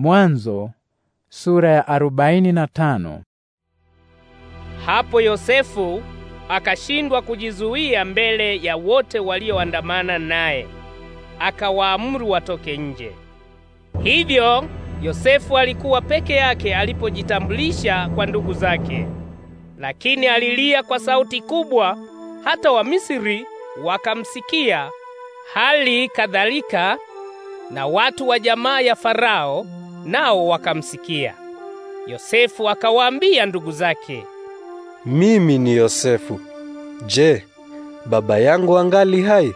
Mwanzo sura ya na tano. Hapo Yosefu akashindwa kujizuia mbele ya wote walioandamana naye, akawaamuru watoke nje. Hivyo Yosefu alikuwa peke yake alipojitambulisha kwa ndugu zake, lakini alilia kwa sauti kubwa, hata Wamisiri wakamsikia, hali kadhalika na watu wa jamaa ya Farao nao wakamsikia. Yosefu akawaambia ndugu zake, mimi ni Yosefu. Je, baba yangu angali hai?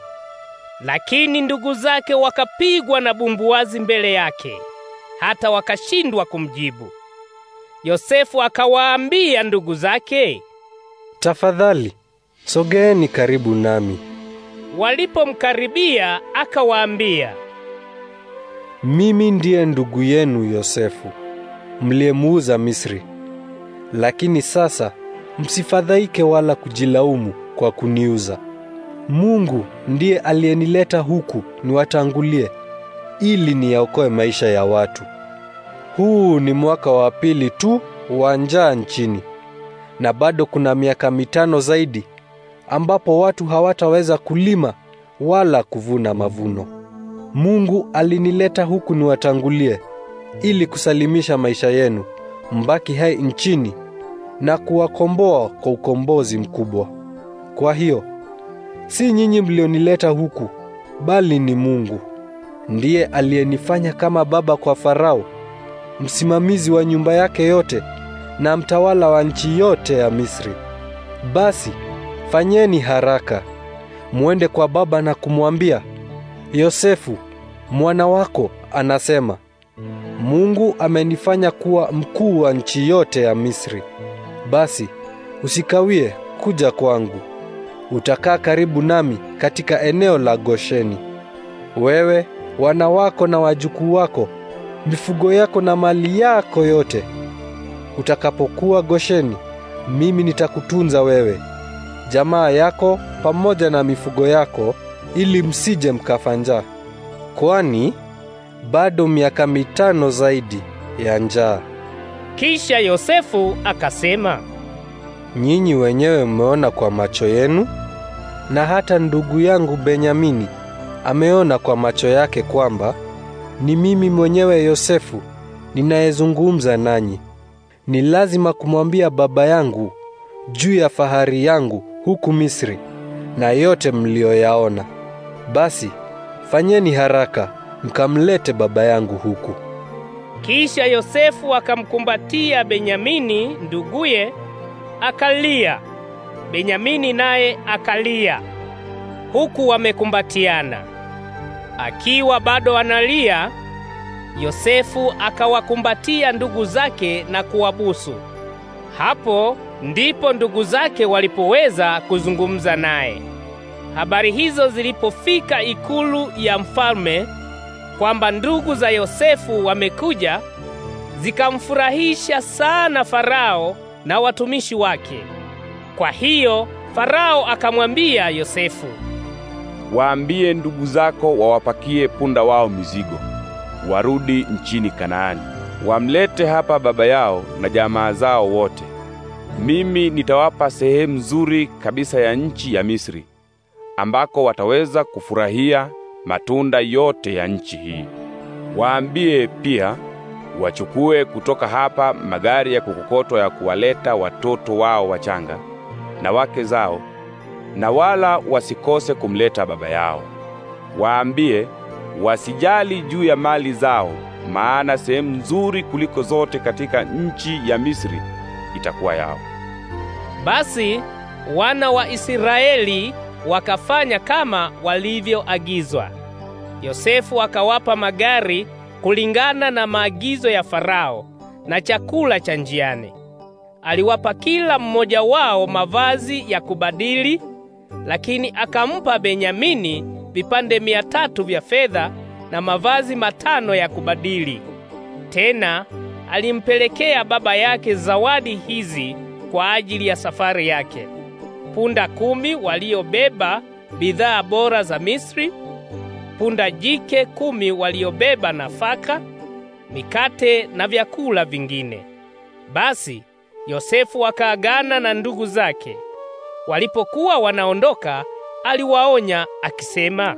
Lakini ndugu zake wakapigwa na bumbuazi mbele yake, hata wakashindwa kumjibu. Yosefu akawaambia ndugu zake, tafadhali sogeeni karibu nami. Walipomkaribia akawaambia, mimi ndiye ndugu yenu Yosefu mliyemuuza Misri. Lakini sasa msifadhaike wala kujilaumu kwa kuniuza. Mungu ndiye aliyenileta huku niwatangulie ili niyaokoe maisha ya watu. Huu ni mwaka wa pili tu wa njaa nchini, na bado kuna miaka mitano zaidi ambapo watu hawataweza kulima wala kuvuna mavuno. Mungu alinileta huku niwatangulie ili kusalimisha maisha yenu, mbaki hai nchini na kuwakomboa kwa ukombozi mkubwa. Kwa hiyo si nyinyi mlionileta huku, bali ni Mungu. Ndiye aliyenifanya kama baba kwa Farao, msimamizi wa nyumba yake yote na mtawala wa nchi yote ya Misri. Basi fanyeni haraka, muende kwa baba na kumwambia Yosefu mwana wako anasema, Mungu amenifanya kuwa mkuu wa nchi yote ya Misri. Basi usikawie kuja kwangu, utakaa karibu nami katika eneo la Gosheni. Wewe, wana wako na wajukuu wako, mifugo yako na mali yako yote. Utakapokuwa Gosheni, mimi nitakutunza wewe, jamaa yako pamoja na mifugo yako ili msije mkafa njaa, kwani bado miaka mitano zaidi ya njaa. Kisha Yosefu akasema, nyinyi wenyewe mmeona kwa macho yenu, na hata ndugu yangu Benyamini ameona kwa macho yake kwamba ni mimi mwenyewe Yosefu ninayezungumza nanyi. Ni lazima kumwambia baba yangu juu ya fahari yangu huku Misri na yote mliyoyaona. Basi fanyeni haraka mkamlete baba yangu huku. Kisha Yosefu akamkumbatia Benyamini nduguye, akalia. Benyamini naye akalia, huku wamekumbatiana. Akiwa bado analia, Yosefu akawakumbatia ndugu zake na kuwabusu. Hapo ndipo ndugu zake walipoweza kuzungumza naye. Habari hizo zilipofika ikulu ya mfalme kwamba ndugu za Yosefu wamekuja, zikamfurahisha sana Farao na watumishi wake. Kwa hiyo Farao akamwambia Yosefu, waambie ndugu zako wawapakie punda wao mizigo, warudi nchini Kanaani, wamlete hapa baba yao na jamaa zao wote. Mimi nitawapa sehemu nzuri kabisa ya nchi ya Misri ambako wataweza kufurahia matunda yote ya nchi hii. Waambie pia wachukue kutoka hapa magari ya kukokotwa ya kuwaleta watoto wao wachanga na wake zao, na wala wasikose kumleta baba yao. Waambie wasijali juu ya mali zao, maana sehemu nzuri kuliko zote katika nchi ya Misri itakuwa yao. Basi wana wa Israeli wakafanya kama walivyoagizwa. Yosefu akawapa magari kulingana na maagizo ya Farao na chakula cha njiani. Aliwapa kila mmoja wao mavazi ya kubadili, lakini akampa Benyamini vipande mia tatu vya fedha na mavazi matano ya kubadili. Tena alimpelekea baba yake zawadi hizi kwa ajili ya safari yake punda kumi waliobeba bidhaa bora za Misri, punda jike kumi waliobeba nafaka, mikate na vyakula vingine. Basi Yosefu akaagana na ndugu zake. Walipokuwa wanaondoka, aliwaonya akisema,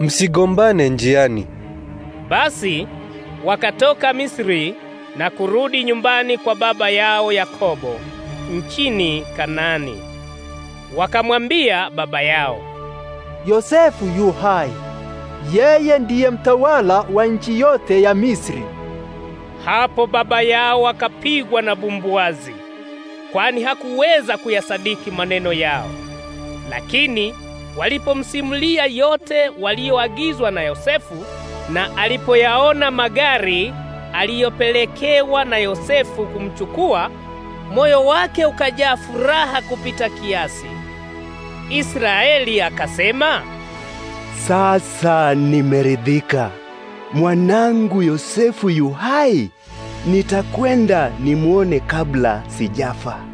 msigombane njiani. Basi wakatoka Misri na kurudi nyumbani kwa baba yao Yakobo nchini kanani wakamwambia baba yao, Yosefu yu hai, yeye ndiye mtawala wa nchi yote ya Misri. Hapo baba yao akapigwa na bumbuazi, kwani hakuweza kuyasadiki maneno yao. Lakini walipomsimulia yote walioagizwa na Yosefu na alipoyaona magari aliyopelekewa na Yosefu kumchukua, moyo wake ukajaa furaha kupita kiasi. Israeli akasema, sasa nimeridhika, mwanangu Yosefu yu hai, nitakwenda nimuone kabla sijafa.